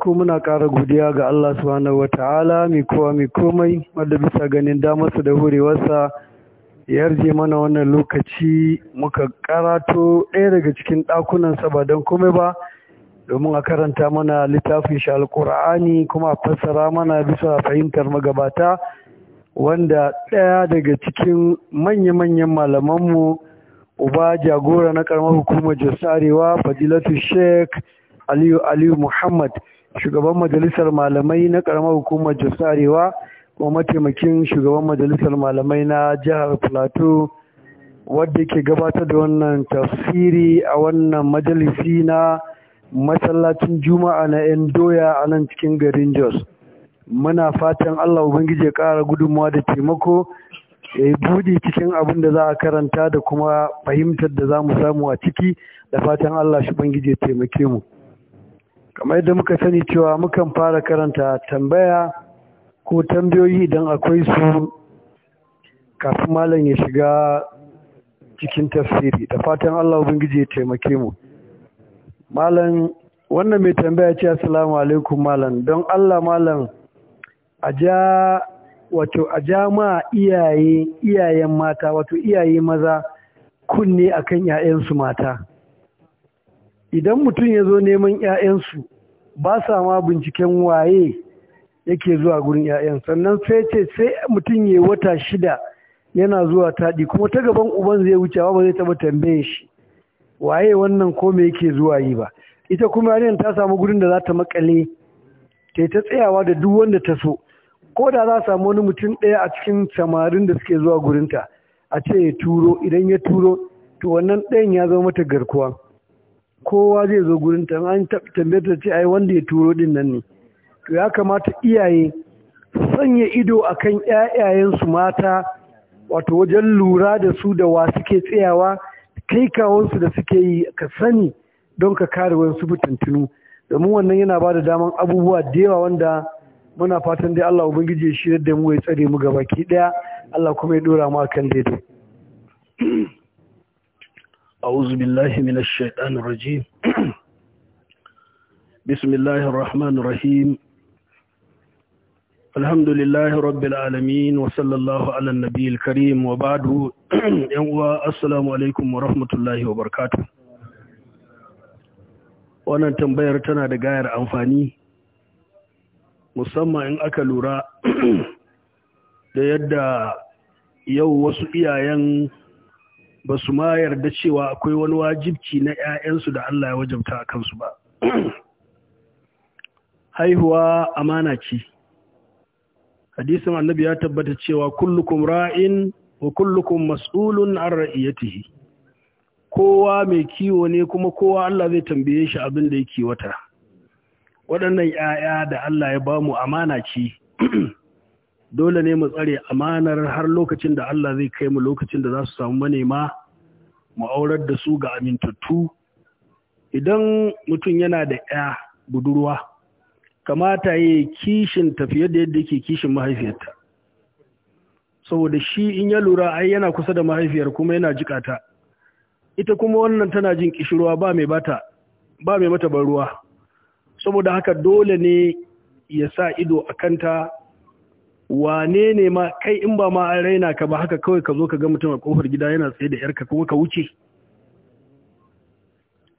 ko muna ƙara godiya ga Allah subhanahu wata'ala mai kowa mai komai wanda bisa ganin damarsa da horewarsa ya yarje mana wannan lokaci muka karato ɗaya daga cikin ɗakunansa ba don komai ba domin a karanta mana littafin shi alƙur'ani kuma a fassara mana bisa fahimtar magabata wanda ɗaya daga cikin manya-manyan malamanmu uba jagora na ƙaramar hukumar jos arewa fadilatu sheik aliyu aliyu muhammad shugaban majalisar malamai na karamar hukumar jos arewa kuma mataimakin shugaban majalisar malamai na jihar plateau wadda ke gabatar da wannan tafsiri a wannan majalisi na masallacin juma'a na yan doya a nan cikin garin jos muna fatan allah ubangiji ya kara gudunmawa da taimako ya yi buɗi cikin abin da za a karanta da kuma fahimtar da za mu samu a ciki da fatan allah shi ubangiji ya taimake mu kamar yadda muka sani cewa mukan fara karanta tambaya ko tambayoyi idan akwai su kafin malam ya shiga cikin tafsiri da fatan Allah ubangiji ya taimake mu malam wannan mai tambaya ce assalamu alaikum malam don Allah malam a ja wato a ja ma iyayen mata wato iyaye maza kunne akan 'ya'yansu mata idan mutum ya zo neman 'ya'yansu ba sa ma binciken waye yake zuwa gurin 'ya'yan sannan sai ce sai mutum ya wata shida yana zuwa taɗi kuma ta gaban uban zai wuce ba zai taɓa tambaye shi waye wannan ko me yake zuwa yi ba ita kuma yarinyar ta samu gurin da za ta makale ta ta tsayawa da duk wanda ta so ko da za samu wani mutum ɗaya a cikin samarin da suke zuwa gurinta a ce ya turo idan ya turo to wannan ɗayan ya zama mata garkuwa kowa zai zo gurin ta an tambayar ce ai wanda ya turo din nan ne to ya kamata iyaye sanya ido akan su mata wato wajen lura da su da wa suke tsayawa kai su da suke yi ka sani don ka kare wani su fitintinu domin wannan yana ba da daman abubuwa da yawa wanda muna fatan dai Allah ubangiji ya shirar da mu ya tsare mu gaba ki daya Allah kuma ya dora mu akan daidai أعوذ بالله من الشيطان الرجيم بسم الله الرحمن الرحيم الحمد لله رب العالمين وصلى الله على النبي الكريم وبعد السلام عليكم ورحمة الله وبركاته wannan tambayar tana da gayar amfani musamman in aka lura da yadda yau wasu iyayen ba su ma yarda cewa akwai wani wajibci na 'ya'yansu da Allah ya wajabta a kansu ba haihuwa amana ce hadisun annabi ya tabbata cewa kullukum ra'in wa kullukum mas'ulun an ra'iyatihi kowa mai kiwo ne kuma kowa Allah zai tambaye shi abin da yake wata waɗannan 'ya'ya da Allah ya bamu amana ce dole ne mu tsare amanar har lokacin da Allah zai kai mu lokacin da za su samu manema mu aurar da su ga amintattu idan mutum yana da ya budurwa kamata ya kishin tafiye da yadda yake kishin mahaifiyarta saboda shi in ya lura ai yana kusa da mahaifiyar kuma yana jikata ita kuma wannan tana jin kishirwa ba mai bata ba mai mata ban ruwa saboda haka dole ne ya sa ido a kanta wane ne ma kai in ba ma an raina ka ba haka kawai ka zo ka ga mutum a kofar gida yana tsaye da yarka kuma ka wuce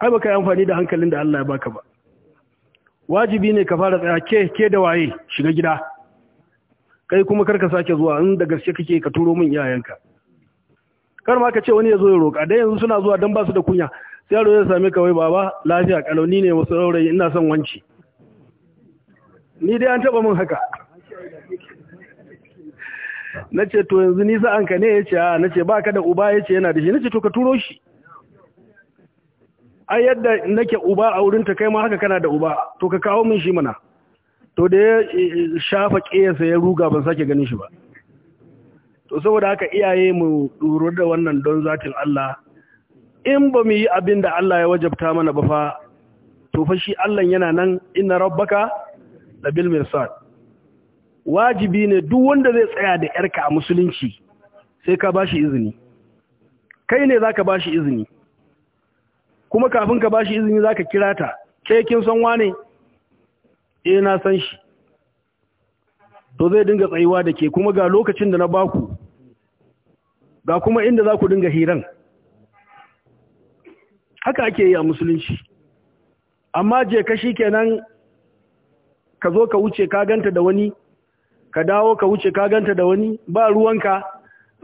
ai ka yi amfani da hankalin da Allah ya baka ba wajibi ne ka fara tsaya ke ke da waye shiga gida kai kuma karka sake zuwa in da gaske kake ka turo min iyayenka kar ma ka ce wani ya zo ya roƙa dai yanzu suna zuwa don ba su da kunya sai yaro ya same ka wai baba lafiya kalauni ne wasu raurayi ina son wanci ni dai an taba min haka na ce to yanzu nisa an ka ne ya ce na ce ba ka da uba ya ce yana da shi na ce to ka turo shi a yadda nake uba a wurin ta kai ma haka kana da uba to ka kawo min shi mana to da ya eh, eh, shafa ƙesa ya ruga ban sake ganin shi ba to saboda haka iyaye mu duro da wannan don zatin Allah in ba mu yi abin da Allah ya wajabta mana ba fa to fa shi Allah yana nan inna rabbaka labil mirsad wajibi ne duk wanda zai tsaya da ‘yarka a musulunci sai ka ba shi izini kai ne za ka ba shi izini kuma kafin ka ba shi izini za ka kira ta ke kin san wane eh na san shi to zai dinga tsayuwa da ke kuma ga lokacin da na baku ga kuma inda za ku dinga hiran haka ake yi a musulunci amma je ka shi kenan ka zo ka wuce ka ganta da wani ka dawo ka wuce ka ganta da wani ba ruwanka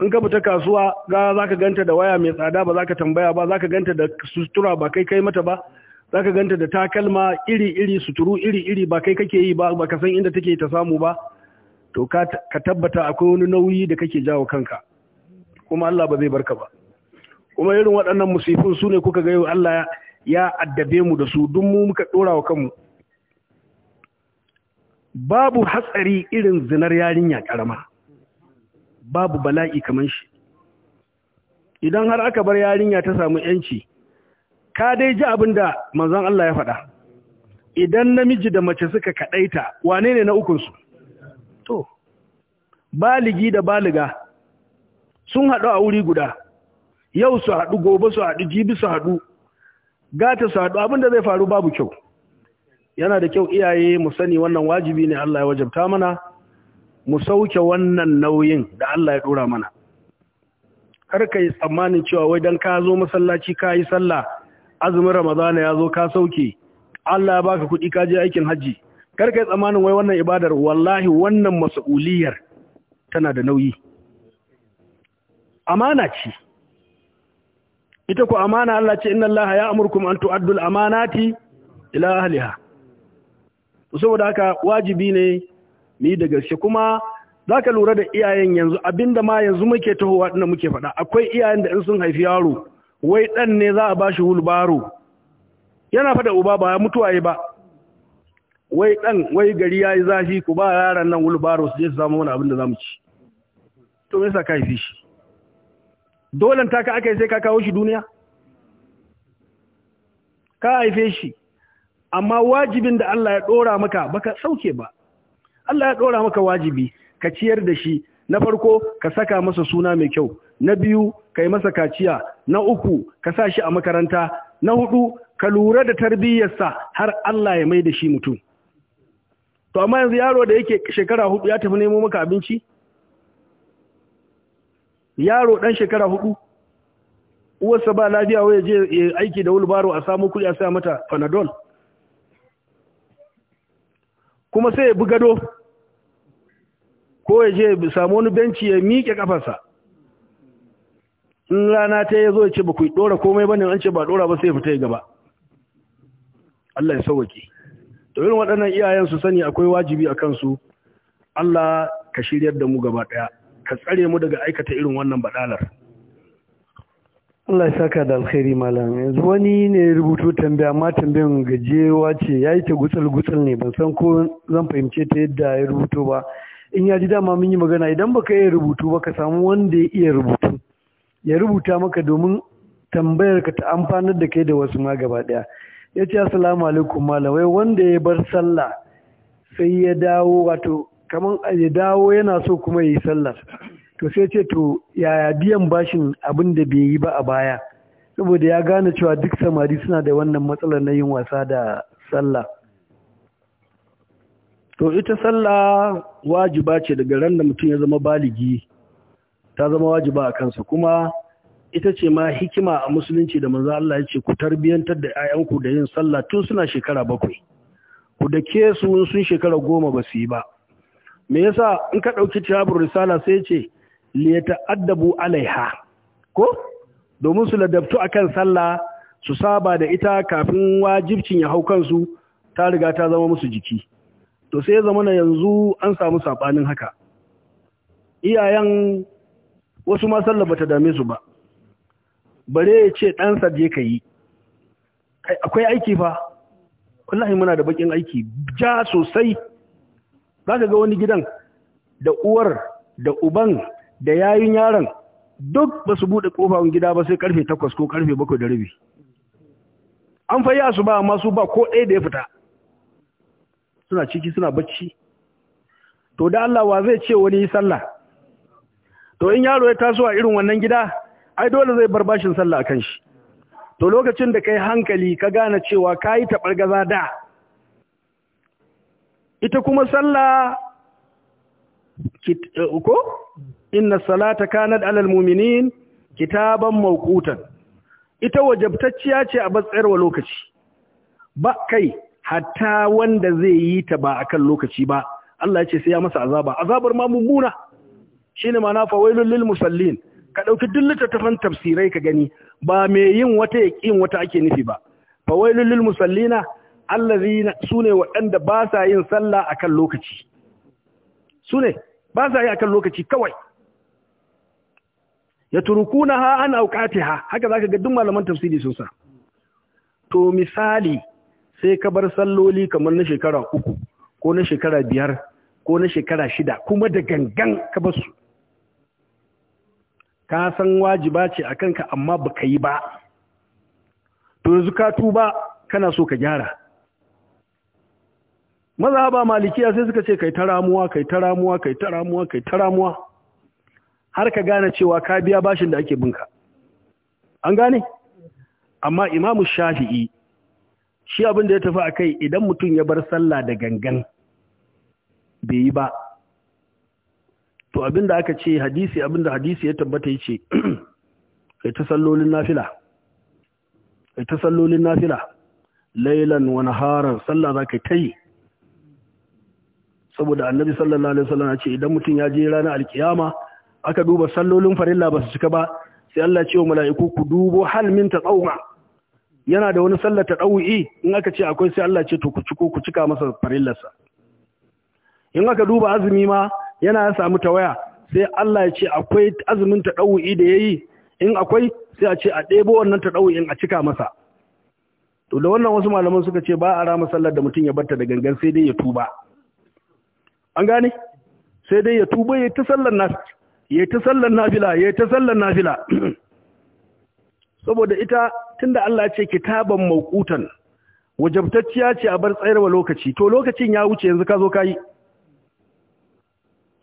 in ka fita kasuwa ga za ka ganta da waya mai tsada ba za ka tambaya ba za ka ganta da sutura ba kai kai mata ba za ka ganta da takalma iri-iri suturu iri-iri ba kai kake yi ba ba ka san inda take ta samu ba to ka tabbata akwai wani nauyi da kake jawo kanka kuma Allah ba zai barka ba kuma irin waɗannan musifin su ne kuka ga yau Allah ya addabe mu da su duk mu muka ɗora wa kanmu babu hatsari irin zinar yarinya karama babu bala'i kamar shi idan har aka bar yarinya ta samu yanci ka dai ji abin da manzon Allah ya faɗa idan namiji da mace suka kadaita wane ne na ukunsu to baligi da baliga sun haɗu a wuri guda yau su haɗu gobe su haɗu jibi su haɗu gata su haɗu abinda zai faru babu kyau yana da kyau iyaye mu sani wannan wajibi ne Allah ya wajabta mana mu sauke wannan nauyin da Allah ya dora mana kar ka tsammanin cewa wai dan ka zo masallaci ka yi sallah azumin ramadana ya zo ka sauke Allah ya baka kuɗi ka je aikin haji kar ka yi tsammanin wai wannan ibadar wallahi wannan mas'uliyar tana da nauyi amana ce ita ku amana Allah ce inna Allah ya amurkum an tu'addul amanati ila ahliha saboda haka wajibi ne ni da gaske kuma za ka lura da iyayen yanzu abinda ma yanzu muke tahowa ɗin muke faɗa akwai iyayen da in sun haifi yaro wai ɗan ne za a ba shi wulbaro yana faɗa uba ba mutuwa yi ba wai ɗan wai gari ya yi zafi ku ba yaran nan wulbaro su je su samu wani abin da za mu ci to me yasa ka haifi shi dole ta ka aka yi sai ka kawo shi duniya ka haife shi amma wajibin da Allah ya ɗora maka baka sauke ba Allah ya ɗora maka wajibi ka ciyar da shi na farko ka saka masa suna mai kyau na biyu ka yi masa kaciya na uku ka sa shi a makaranta na hudu ka lura da tarbiyyarsa har Allah ya mai da shi mutum to amma yanzu yaro da yake shekara hudu ya tafi nemo maka abinci yaro ɗan shekara hudu uwarsa ba lafiya wai je aiki da wulbaro a samu kuɗi a saya mata fanadol? kuma sai ya bi gado ko ya je samu wani benci ya miƙe ƙafarsa in rana ta ya zo ya ce ba ku ɗora komai ba ne an ce ba ɗora ba sai ya fita ya gaba Allah ya sauwake to irin waɗannan iyayen su sani akwai wajibi a kansu Allah ka shiryar da mu gaba ɗaya ka tsare mu daga aikata irin wannan baɗalar Allah ya saka da alkhairi malam yanzu wani ne ya rubuto tambaya amma tambayan gajewa ce ya yi ta gutsul-gutsul ne ban san ko zan fahimce ta yadda ya rubuto ba in ya ji dama mun yi magana idan baka iya rubutu ba ka samu wanda ya iya rubutu ya rubuta maka domin tambayar ka ta amfanar da kai da wasu ma gaba daya ya ce assalamu alaikum malam wai wanda ya bar sallah sai ya dawo wato kamar ya dawo yana so kuma ya yi Sallah. to sai ce to yaya biyan bashin abin da bai yi ba a baya saboda ya gane cewa duk samari suna da wannan matsalar na yin wasa da sallah to ita sallah wajiba ce daga ran da mutum ya zama baligi ta zama wajiba a kansa kuma ita ce ma hikima a musulunci da manzo Allah ya ce ku tarbiyantar da 'ya'yanku da yin sallah tun suna shekara bakwai ku da ke su sun shekara goma ba su yi ba me yasa in ka ɗauki tabur risala sai ce Liyata addabu alaiha ko domin su ladabtu akan sallah su saba da ita kafin wajibcin ya hau kansu ta riga ta zama musu jiki to sai ya zama na yanzu an samu sabanin haka iyayen wasu ma sallah bata dame su ba bare ya ce ɗansa je ka yi akwai aiki fa wallahi muna da bakin aiki ja sosai za ka ga wani gidan da uwar da uban da yayin yaron duk ba su buɗe ƙofar gida ba sai karfe takwas ko karfe bakwai da rabi an fayya su ba amma su ba ko ɗaya da ya fita suna ciki suna bacci to da Allah wa zai ce wani yi sallah to in yaro ya taso a irin wannan gida ai dole zai bar bashin sallah kan shi to lokacin da kai hankali ka gane cewa ka kayi taɓar gaza da ita kuma sallah Eh, ko inna salata kanat alal mu'minin kitaban mawqutan ita wajabtacciya ce a wa lokaci ba kai hatta wanda zai yi ta ba akan lokaci ba Allah ya ce sai ya masa azaba azabar ma mummuna shine ma'ana wailul lil musallin ka dauki duk littattafan tafsirai ka gani ba mai yin wata yakin wata ake nufi ba Fa wailul lil musallina allazina sune waɗanda ba sa yin sallah akan lokaci sune ba sa yi a kan lokaci kawai ya turuku na ha an auƙati ha haka za ka ga duk malaman tafsiri sun sa to misali sai ka bar salloli kamar na shekara uku ko na shekara biyar ko na shekara shida kuma da gangan ka ba su ka san wajiba ce a kanka amma ba ka yi ba to yanzu ka tuba kana so ka gyara Maza mazhaba malikiya sai suka ce kai ta ramuwa kai ta ramuwa kai ta ramuwa kai ta ramuwa har ka gane cewa ka biya bashin da ake binka an gane amma imamu shafi'i shi abin da ya tafi a kai idan mutum ya bar sallah da gangan bai yi ba to abin da aka ce hadisi abin da hadisi ya tabbata ya ce kai ta sallolin nafila kai ta sallolin nafila lailan wani naharan sallah za ka ta yi saboda annabi sallallahu alaihi wasallam ya ce idan mutum ya je ranar alkiyama aka duba sallolin farilla ba su cika ba sai Allah ce wa mala'iku ku dubo hal min tatawwa yana da wani sallar tatawwi in aka ce akwai sai Allah ce to ku ciko ku cika masa farillarsa in aka duba azumi ma yana ya samu tawaya sai Allah ya ce akwai azumin tatawwi da yayi in akwai sai a ce a ɗebo wannan tatawwi a cika masa to da wannan wasu malaman suka ce ba a rama sallar da mutum ya barta da gangan sai dai ya tuba an gane sai dai ya tuba ya ta sallar nafila ya ta sallar nafila ya ta sallar nafila saboda ita tunda Allah ya ce kitaban mawqutan wajabtacciya ce a bar tsayarwa lokaci to lokacin ya wuce yanzu ka zo ka yi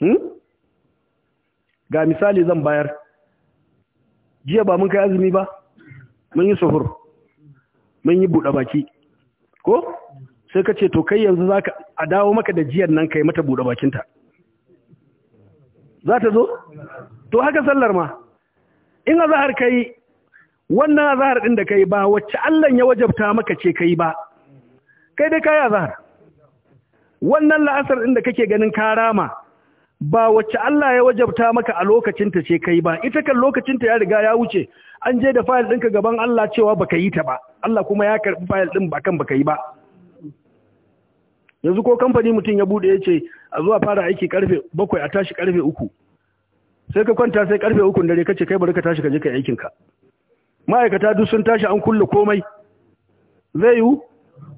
hmm? ga misali zan bayar jiya ba mun kai azumi ba mun yi suhur mun yi buɗe baki ko sai ka ce to kai yanzu za ka a dawo maka da jiyan nan kai mata buɗe bakinta za ta zo? to haka sallar ma in azahar ka yi wannan azahar ɗin da ka yi ba wacce allon ya wajabta maka ce ka yi ba kai dai ka yi azahar wannan la'asar ɗin da kake ganin ka rama ba wacce Allah ya wajabta maka a lokacinta ce ka yi ba ita kan lokacinta ya riga ya wuce an je da fayil ɗinka gaban Allah cewa baka yi ta ba Allah kuma ya karɓi fayil ɗin ba kan baka yi ba yanzu ko kamfani mutum ya bude ya ce a zuwa fara aiki karfe bakwai a tashi karfe uku sai ka kwanta sai karfe uku dare kace kai bari ka tashi ka je ka aikin ka ma'aikata duk sun tashi an kulle komai zai yiwu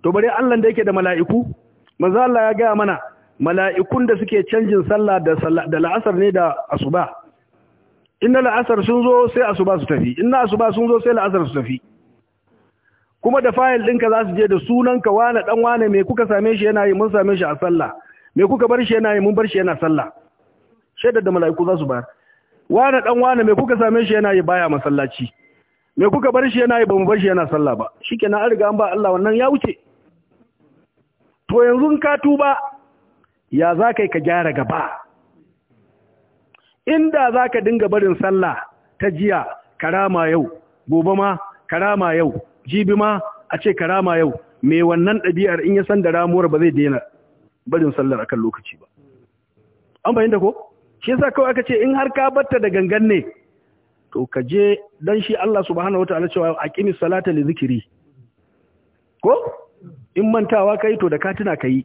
to bari Allah da yake da mala'iku manzo Allah ya gaya mana mala'ikun da suke canjin sallah da da la'asar ne da asuba inna la'asar sun zo sai asuba su tafi inna asuba sun zo sai la'asar su tafi kuma da fayil ɗinka za su je da sunanka wane ɗan wane mai kuka same shi yana yi mun same shi a sallah mai kuka bar shi yana yi mun bar shi yana sallah shaidar da mala'iku za su bayar wane ɗan wane mai kuka same shi yana yi baya masallaci mai kuka bar shi yana yi ba mu bar shi yana sallah ba shikenan an riga an ba Allah wannan ya wuce to yanzu ka tuba ya za ka yi ka gyara gaba inda za ka dinga barin sallah ta jiya karama yau gobe ma karama yau jibi ma a ce ka rama yau me wannan ɗabi'ar in ya san da ramuwar ba zai daina barin sallar akan lokaci ba an bayyana ko shi yasa kawai aka ce in har ka batta da gangan ne to ka je dan shi Allah subhanahu wataala cewa a salata li zikri ko in mantawa kai to da ka tuna kai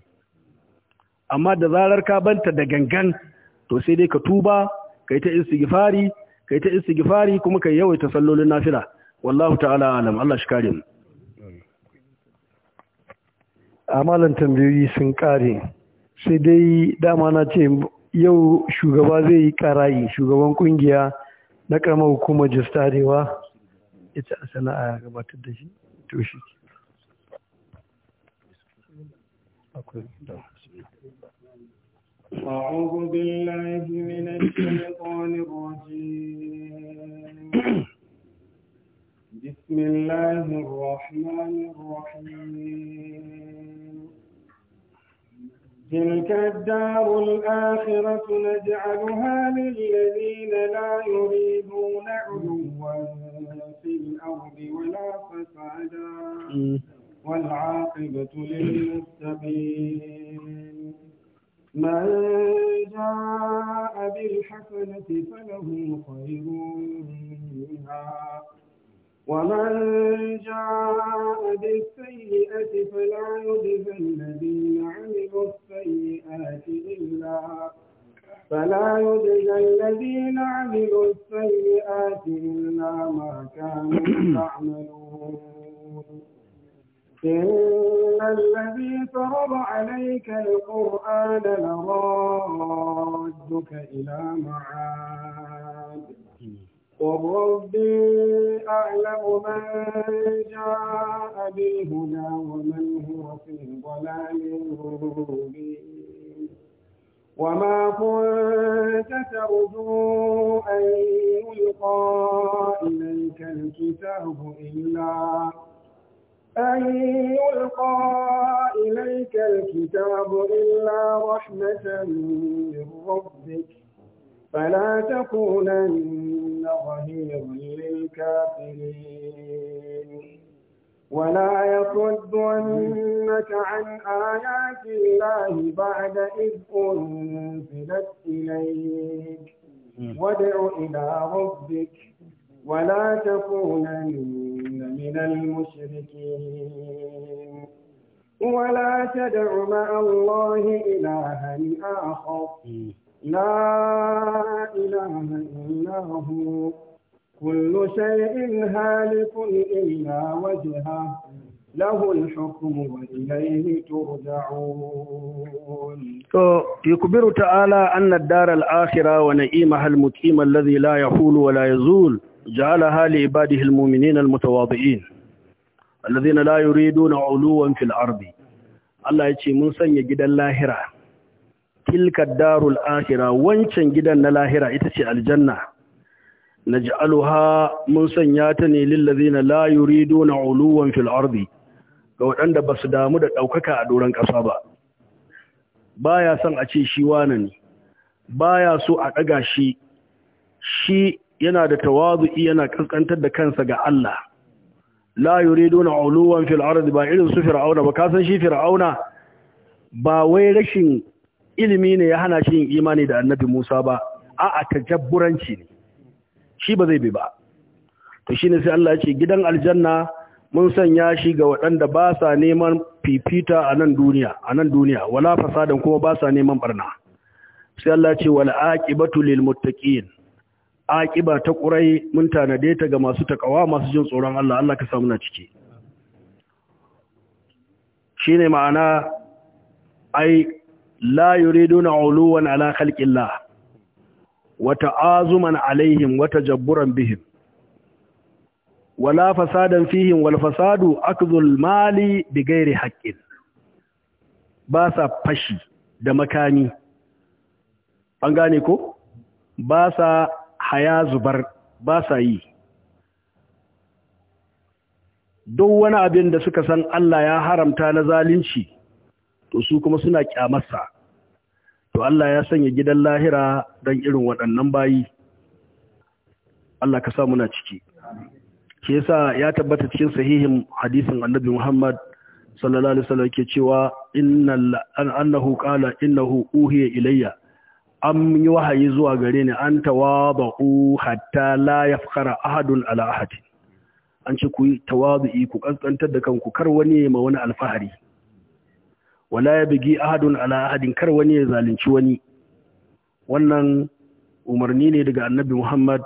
amma da zarar ka banta da gangan to sai dai ka tuba kai ta istighfari kai ta istighfari kuma kai yawaita sallolin nafila wallahu ta'ala alam Allah shi kare mu amalan tambayoyi sun kare sai dai dama na ce yau shugaba zai yi karayi shugaban kungiya na karamar hukumar jistarewa ita a sana'a ya gabatar da shi to shi أعوذ بالله من الشيطان الرجيم بسم الله الرحمن الرحيم تلك الدار الآخرة نجعلها للذين لا يريدون علوا في الأرض ولا فسادا والعاقبة للمتقين من جاء بالحسنة فله خير منها ومن جاء بالسيئة فلا يجزى الذين عملوا السيئات إلا فلا يجزى الذين عملوا السيئات إلا ما كانوا يعملون إن الذي فرض عليك القرآن لرادك إلى معاد قل ربي أعلم من جاء بالهدى ومن هو في ضلال وما كنت ترجو أن يلقى إليك الكتاب إلا أن يلقى إليك الكتاب إلا رحمة من ربك فلا تكونن ظهيرا للكافرين ولا يصدنك عن آيات الله بعد إذ أنزلت إليك وادع إلى ربك ولا تكونن من المشركين ولا تدع مع الله إلها آخر لا إله إلا هو كل شيء هالك إلا وجهه له الحكم وإليه ترجعون يخبر تعالى أن الدار الآخرة ونعيمها المقيم الذي لا يحول ولا يزول جعلها لعباده المؤمنين المتواضعين الذين لا يريدون علوا في الأرض Allah ya ce mun sanya gidan lahira tilka darul akhirah wancan gidan na lahira ita ce aljanna naj'aluha mun sanya ta ne lil ladina la yuriduna uluwan fil ardi ga waɗanda ba su damu da ɗaukaka a doron ƙasa ba baya son a ce shi wane ne baya so a ɗaga shi shi yana da tawazu'i yana kaskantar da kansa ga Allah la yuriduna uluwan fil ardi ba irin su fir'auna ba kasan shi fir'auna ba wai rashin ilimi ne ya hana shi yin imani da annabi Musa ba 'a tajabburanci ne shi ba zai bi ba to shine sai Allah ya ce gidan aljanna mun sanya shi ga waɗanda ba sa neman fifita a nan duniya a nan duniya wala fasadan kuma ba sa neman barna sai Allah ya ce wal aqibatu lil muttaqin aqiba ta ƙurai mun tanade ta ga masu takawa masu jin tsoron Allah Allah ka samu na ciki shine ma'ana ai la yuriduna uluwan ala khalqillah wa ta'azuman alaihim wata tajabburan bihim wala fasadan fihim wal fasadu akdhul mali bighairi haqqin ba sa fashi da makami an gane ko ba sa haya zubar ba sa yi duk wani abin da suka san Allah ya haramta na zalunci to su kuma suna kyamarsa to Allah ya sanya gidan lahira don irin waɗannan bayi Allah ka sa muna ciki ke sa ya tabbata cikin sahihin hadisin annabi Muhammad sallallahu alaihi wasallam ke cewa annahu qala innahu uhiya ilayya an yi wahayi zuwa gare ni an tawaba'u hatta la yafkhara ahadun ala ahad an ce ku yi tawazu'i ku kaskantar da kanku kar wani ma wani alfahari wala ya bugi ahadun ala ahadin kar wani ya zalunci wani wannan umarni ne daga annabi Muhammad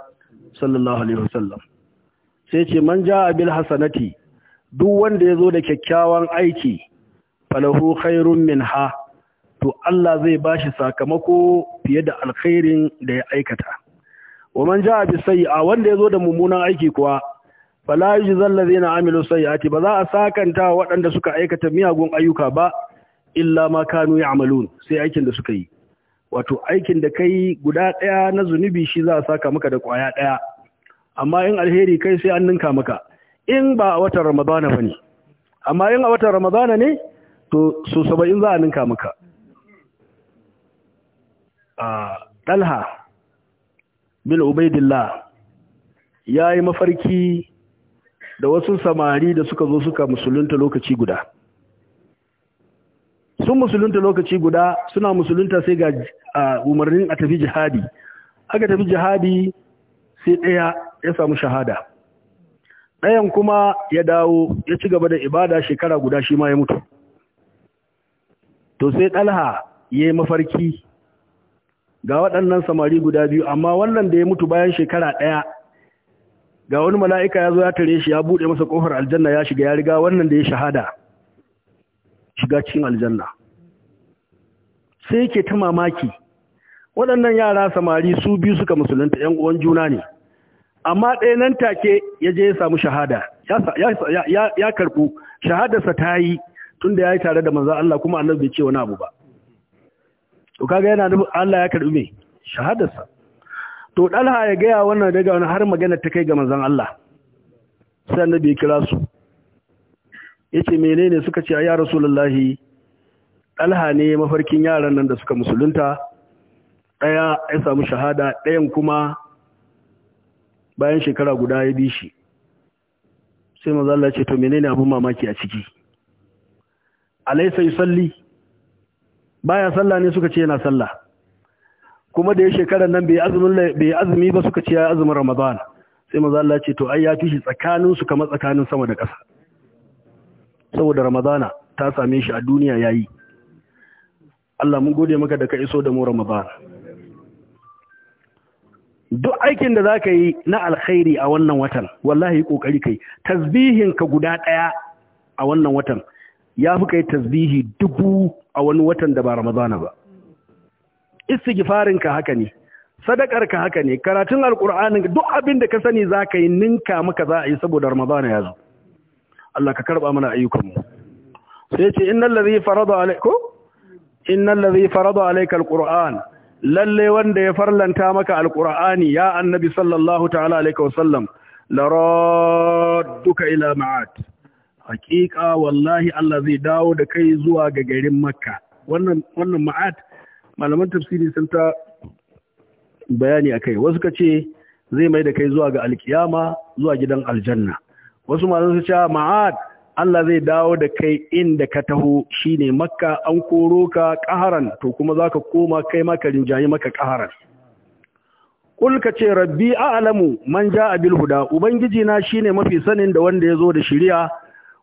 sallallahu alaihi wasallam sai ce man jaa bil hasanati duk wanda yazo da kyakkyawan aiki falahu khairun minha to Allah zai bashi sakamako fiye da alkhairin da ya aikata wa man jaa bis sayi'a wanda yazo da mummunan aiki kuwa fala yujzal ladina amilu sayi'ati ba za a sakanta waɗanda suka aikata miyagun ayyuka ba illa ma kanu amalu sai aikin da suka yi wato aikin da kai guda ɗaya na zunubi shi za a saka maka da ƙwaya ɗaya amma in alheri kai sai an ninka maka in ba a watan ramadana ba ne amma in a watan ramadana ne to so saba'in za a ninka maka ɗalha bin ubaidillah ya yi mafarki da wasu samari da suka zo suka musulunta lokaci guda sun musulunta lokaci guda suna musulunta sai ga umarnin a tafi jihadi aka tafi jihadi sai ɗaya ya samu shahada ɗayan kuma ya dawo ya ci gaba da ibada shekara guda shi ma ya mutu to sai ɗalha ya yi mafarki ga waɗannan samari guda biyu amma wannan da ya mutu bayan shekara ɗaya ga wani mala'ika ya zo ya tare shi ya buɗe masa ƙofar aljanna ya shiga ya riga wannan da ya shahada shiga cikin aljanna sai yake ta mamaki waɗannan yara samari su biyu suka musulunta ‘yan uwan juna ne amma ɗaya nan take ya je ya samu shahada ya karɓu shahadarsa ta yi tun da ya yi tare da manzan Allah kuma annabi bai ce wani abu ba to kaga yana nufin Allah ya karɓi me shahadarsa to ɗalha ya gaya wannan daga wani har magana ta kai ga manzan Allah sai annabi ya kira su yace menene suka ce ya rasulullahi ɗalha ne mafarkin yaran nan da suka musulunta ɗaya ya samu shahada ɗayan kuma bayan shekara guda ya bi shi sai maza ce to menene abin mamaki a ciki alaisa salli baya sallah ne suka ce yana salla kuma da ya shekarar nan bai azumi ba suka ce ya azumin ramadan sai maza ce to ai ya fi shi tsakanin su kamar tsakanin sama da ƙasa saboda ramadana ta same shi a duniya yayi Allah mun gode maka da ka iso da mu Ramadan duk aikin da zaka yi na alkhairi a wannan watan wallahi kokari kai tasbihin ka guda ɗaya a wannan watan ya yafi kai tasbihi dubu a wani watan da ba Ramadana ba Istighfarinka ka haka ne sadakar ka haka ne karatun Alkur'ani duk abin da ka sani zaka yi ninka maka za a yi saboda Ramadana ya zo Allah ka karba mana ayyukan mu sai ce innal ladhi farada alaikum innal ladhi farada alayka alquran lalle wanda ya farlanta maka alqur'ani ya annabi sallallahu ta'ala alayka wasallam duka ila ma'at haqiqa wallahi Allah zai dawo da kai zuwa ga garin makka wannan ma'at malaman tafsiri sun ta bayani akai wasu kace zai mai da kai zuwa ga alkiyama zuwa gidan aljanna wasu malaman su ce ma'at Allah zai dawo da kai inda ka taho shine makka an koro ka ƙaharan to kuma za ka koma kai maka rinjaye maka ƙaharan kul ka ce rabbi a'lamu man a bil huda ubangiji na shine mafi sanin da wanda ya zo da shirya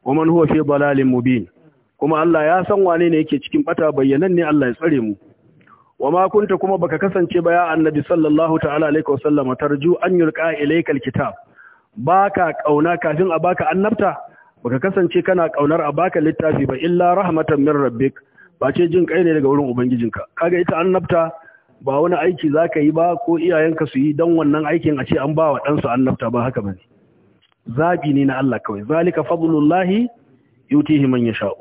wa man huwa fi mu mubin kuma Allah ya san wane ne yake cikin bata bayyanan ne Allah ya tsare mu wa ma kunta kuma baka kasance ba ya annabi sallallahu ta'ala alaihi tarju an yulqa ilaikal kitab baka kauna kafin a baka annabta Ba ka kasance kana kaunar a baka littafi ba illa rahmatan min rabbik ba ce jin kai ne daga wurin ubangijinka kaga ita annabta ba wani aiki zaka yi ba ko iyayenka su yi dan wannan aikin a ce an ba wa dan su annabta ba haka bane zabi ne na Allah kawai zalika fadlullahi yutihi man yasha'u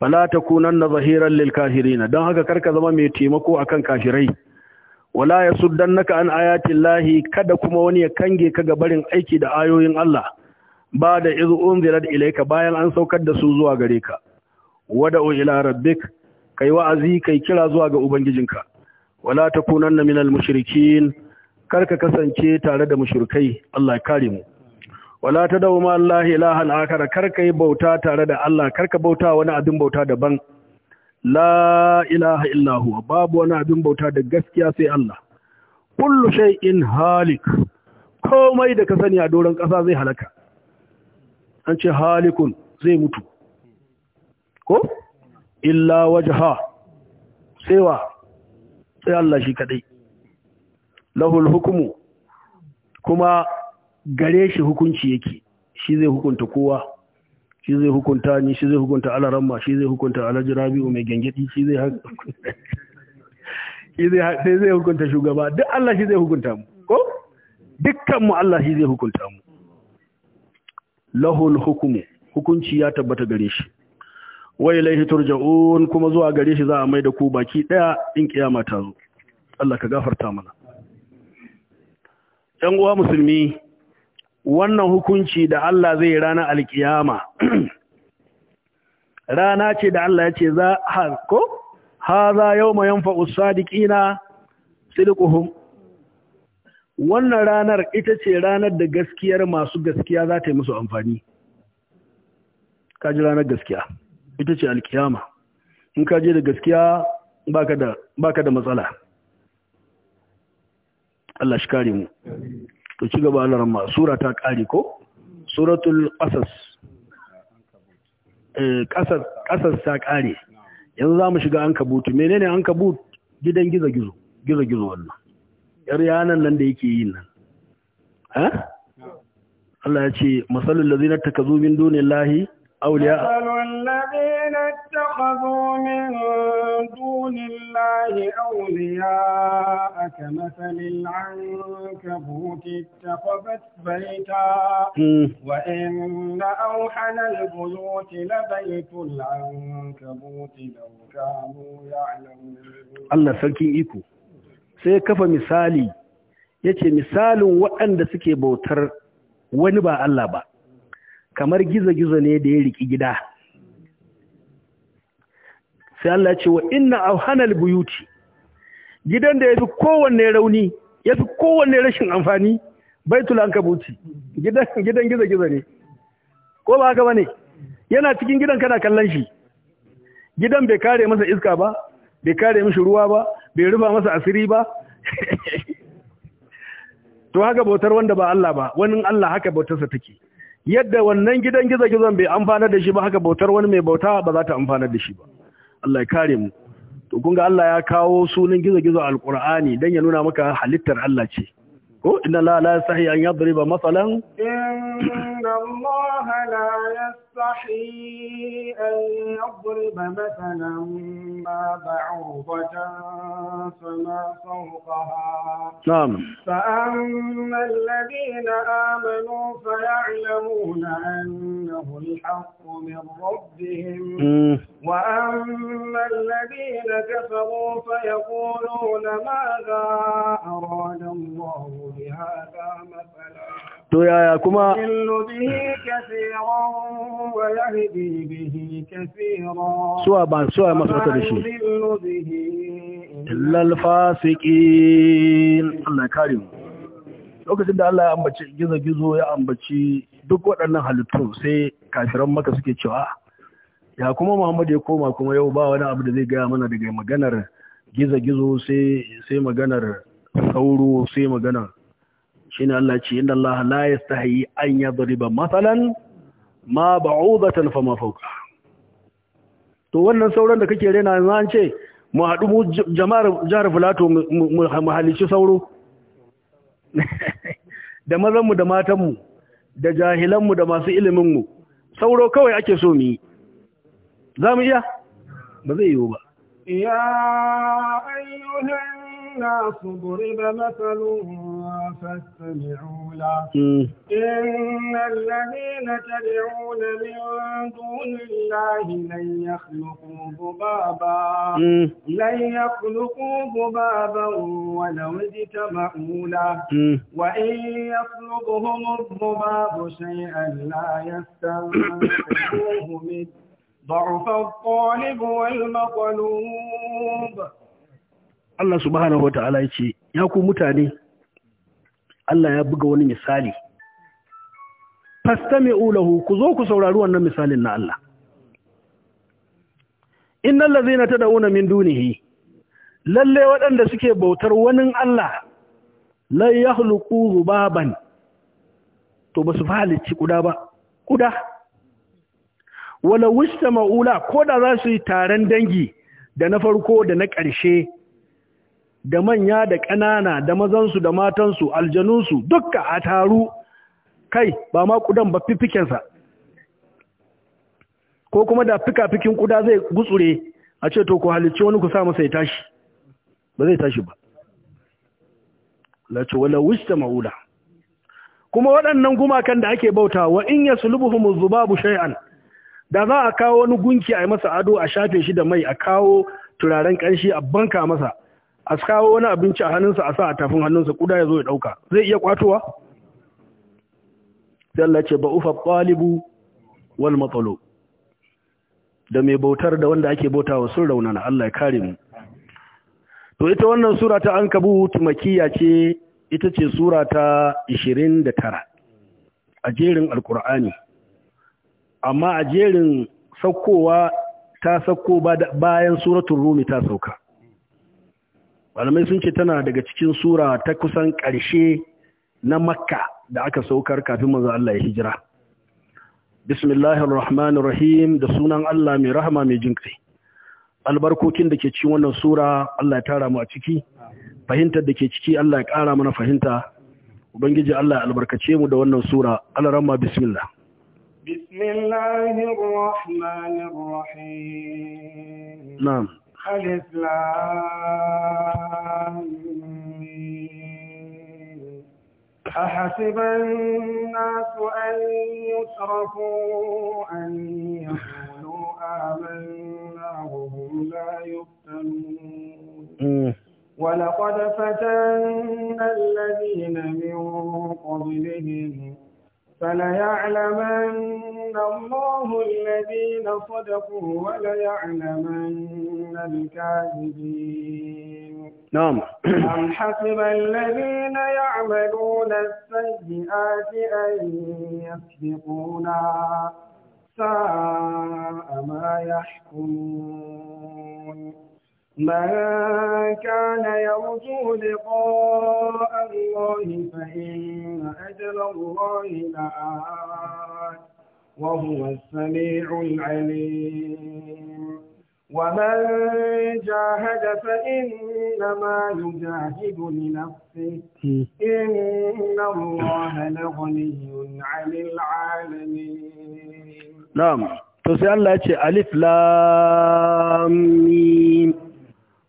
fala takunanna zahiran lil kafirin dan haka kar ka zama mai taimako akan kafirai wala ya naka an ayati llahi kada kuma wani ya kange ka ga barin aiki da ayoyin Allah ba da izu unzirar ilaika bayan an saukar da su zuwa gare ka wada'u ila rabbik kai wa'azi kai kira zuwa ga ubangijinka wala takunanna minal mushrikin karka kasance tare da mushrikai Allah ya kare mu wala dawo ma Allah ilahan akara karka yi bauta tare da Allah karka bauta wani abin bauta daban la ilaha illa babu wani abin bauta da gaskiya sai Allah kullu shay'in halik komai da ka sani a doron ƙasa zai halaka an ce halikun zai mutu ko illa wajaha tsewa sai Allah shi kadai lahul hukumu kuma gare shi hukunci yake shi zai hukunta kowa shi zai hukunta ni shi zai hukunta alaramma shi zai hukunta alajirabi'u mai gengedi shi zai zai hukunta shugaba duk Allah shi zai hukunta mu ko dukkan mu Allah shi zai hukunta mu lahul hukumu hukunci ya tabbata gare shi wa ilaihi turja'un kuma zuwa gare shi za a mai da ku baki daya in kiyama ta zo Allah ka gafarta mana ‘yan uwa musulmi wannan hukunci da Allah zai rana alkiyama rana ce da Allah ya ce za ko ha za yau yawma yanfa'us sadiqina sidquhum wannan ranar ita ce ranar da gaskiyar masu gaskiya za ta yi musu amfani kaji ranar gaskiya ita ce alkiyama in ka je da gaskiya baka da matsala Allah shi kare mu to ci gaba Allah ramma sura ta kare ko suratul ƙasas eh ta kare yanzu zamu shiga kabutu, menene kabutu gidan gizo gizo gizo gizo wannan ‘yar yanan nan da yake yi nan. Ha? Allah ya ce, Masalun lazina ta ka zo min donin lahi, auliya. Masalun lazina ta ka zo min donin lahi, auliya, a ka masalin an ka buki ta kwabat baita, hmm. wa in na auhanar buyoti na baitul an ka buki da wuka mu ya Allah sarkin iko. sai kafa misali ya ce misalin waɗanda suke bautar wani ba Allah ba kamar gizo-gizo ne da ya riƙi gida sai Allah ce wa inna auhanal buyuti gidan da ya fi kowanne rauni ya fi kowanne rashin amfani baitul ankabuti gidan gizo-gizo ne ko ba haka ba yana cikin gidan kana kallon shi gidan bai kare masa iska ba bai kare mishi ruwa ba bai rufa masa asiri ba to haka bautar wanda ba Allah ba wani Allah haka bautarsa take yadda wannan gidan gizo-gizon bai amfana da shi ba haka bautar wani mai bauta ba za ta amfana da shi ba Allah ya kare mu to kun ga Allah ya kawo sunan gizo-gizo a alqur'ani dan ya nuna maka halittar Allah ce ko inna la la sahi an yadriba masalan inna Allah la يستحي أن يضرب مثلا ما بعوضة فما فوقها نعم فأما الذين آمنوا فيعلمون أنه الحق من ربهم وأما الذين كفروا فيقولون ماذا أراد الله بهذا مثلا to yaya kuma suwa ba suwa masu wata da shi lalfasikin Allah kare lokacin da Allah ya ambaci gizo-gizo ya ambaci duk waɗannan halittu sai kafiran maka suke cewa ya kuma Muhammadu ya koma kuma yau ba wani abu da zai gaya mana daga maganar gizo-gizo sai maganar sauro sai maganar ne Allah ce inda Allah la hayi an yadriba matsalan ma ba'udatan fama mafauka. to wannan sauran da kake rena yanzu an ce mu haɗu mu jama'ar jihar Filato mu halici sauro da mazanmu da matanmu da jahilanmu da masu iliminmu sauro kawai ake so mu yi za mu iya ba zai yiwu ba ya ayyuhan الناس ضرب مثل فاستمعوا له إن الذين تدعون من دون الله لن يخلقوا ذبابا لن يخلقوا ذبابا ولو اجتمعوا له وإن يطلبهم الذباب شيئا لا يستنقذوه منه ضعف الطالب والمطلوب Allah subhanahu wata'ala ya ce ya ku mutane Allah ya buga wani misali fastami'u lahu ku zo ku saurari wannan misalin na Allah In innal ladzina tad'una min dunihi lalle waɗanda suke bautar wani Allah la yakhluqu zubaban to basu halicci kuda ba kuda wala ko da za su yi taron dangi da na farko da na ƙarshe da manya da ƙanana da mazansu da matansu aljanunsu dukka a taru kai ba ma ƙudan ba fifikensa ko kuma da fikafikin ƙuda zai gutsure a ce to ku halicci wani ku sa masa ya tashi ba zai tashi ba lati wala wista maula kuma waɗannan gumakan da ake bauta wa in ya yaslubuhum zubabu shay'an da za a kawo wani gunki a yi masa ado a shafe shi da mai a kawo turaren ƙanshi a banka masa a kawo wani abinci a hannunsa a sa a tafin hannunsa kuda ya zo ya ɗauka zai iya kwatowa? sai Allah ce ba ufa wal matsalo da mai bautar da wanda ake bautawa sun raunana Allah ya kare mu to ita wannan sura ta ankabut makiya ce ita ce sura ta 29 a jerin alkur'ani amma a jerin saukowa ta sauko bayan suratun rumi ta sauka malamai sun ce tana daga cikin sura ta kusan ƙarshe na makka da aka saukar kafin manzo Allah ya hijira bismillahir rahim da sunan Allah mai rahama mai kai. albarkokin da ke cikin wannan sura Allah ya tara mu a ciki fahimtar da ke ciki Allah ya ƙara mana fahimta ubangiji Allah ya albarkace mu da wannan sura alarama bismillah bismillahir rahim na'am ألف أحسب الناس أن يتركوا أن يقولوا آمنا وهم لا يفتنون ولقد فتنا الذين من قبلهم فليعلمن الله الذين صدقوا وليعلمن الكاذبين نعم أم حسب الذين يعملون السيئات أن يسبقونا ساء ما يحكمون من كان يرجو لقاء الله فإن أجل الله لآت وهو السميع العليم ومن جاهد فإنما يجاهد لنفسه إن الله لغني عن العالمين نعم تسأل الله ألف لام ميم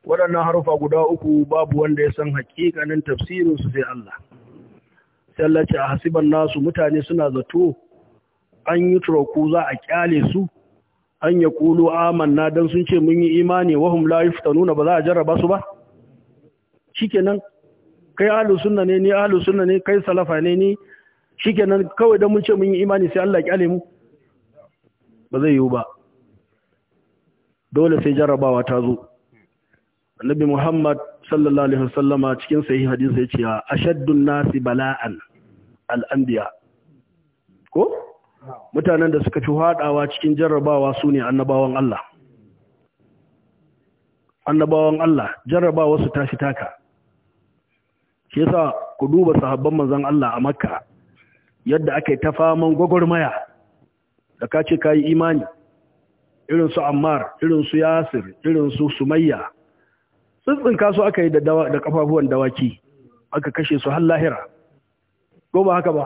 waɗannan harufa guda uku babu wanda ya san hakikanin tafsirinsu sai Allah. Sallace a hasiban nasu mutane suna zato an yi turaku za a kyale su, an ya kulu amanna don sun ce mun yi imani wahum la nuna ba za a jarraba su ba? Shikenan, kai alu sunna ne, ni alu sunna ne, kai salafa ne, ni shikenan kawai don mun ce mun yi imani sai Allah kyale mu? Ba zai yiwu ba. Dole sai jarrabawa ta zo. annabi Muhammad sallallahu alaihi wasallama cikin sahih hadisi yace ashaddun nasi bala'an al-anbiya ko mutanen da suka fi hadawa cikin jarrabawa sune annabawan Allah annabawan Allah jarrabawa su tashi taka shi yasa ku duba sahabban manzon Allah a Makka yadda aka yi ta faman gwagwarmaya da ka ce ka yi imani irinsu ammar su yasir irin su sumayya tsintsinka su aka yi da kafafuwan dawaki aka kashe su har lahira ko ba haka ba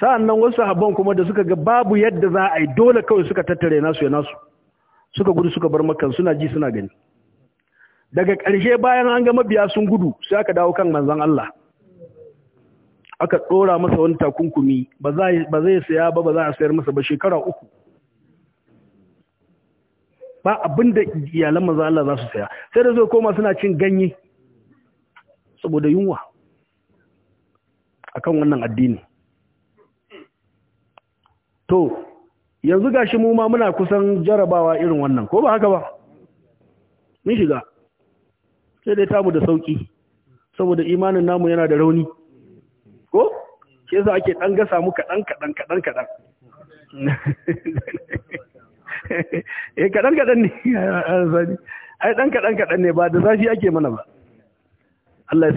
sa'an nan wasu habban kuma da suka ga babu yadda za a yi dole kawai suka tattare nasu ya nasu suka gudu suka bar makan suna ji suna gani daga ƙarshe bayan an ga mabiya sun gudu sai aka dawo kan manzan Allah aka ɗora masa wani takunkumi ba zai saya ba ba za a sayar masa ba shekara uku ba abin da iyalan maza Allah za su saya sai da zai koma suna cin ganye saboda yunwa akan wannan addini to yanzu gashi mu ma muna kusan jarabawa irin wannan ko ba haka ba mun shiga sai dai tamu da sauki saboda imanin namu yana da rauni ko ke sa ake dan gasa mu kadan kadan kadan kadan eh kaɗan kaɗan ne ai ɗan kaɗan kaɗan ne ba da zafi ake mana ba Allah ya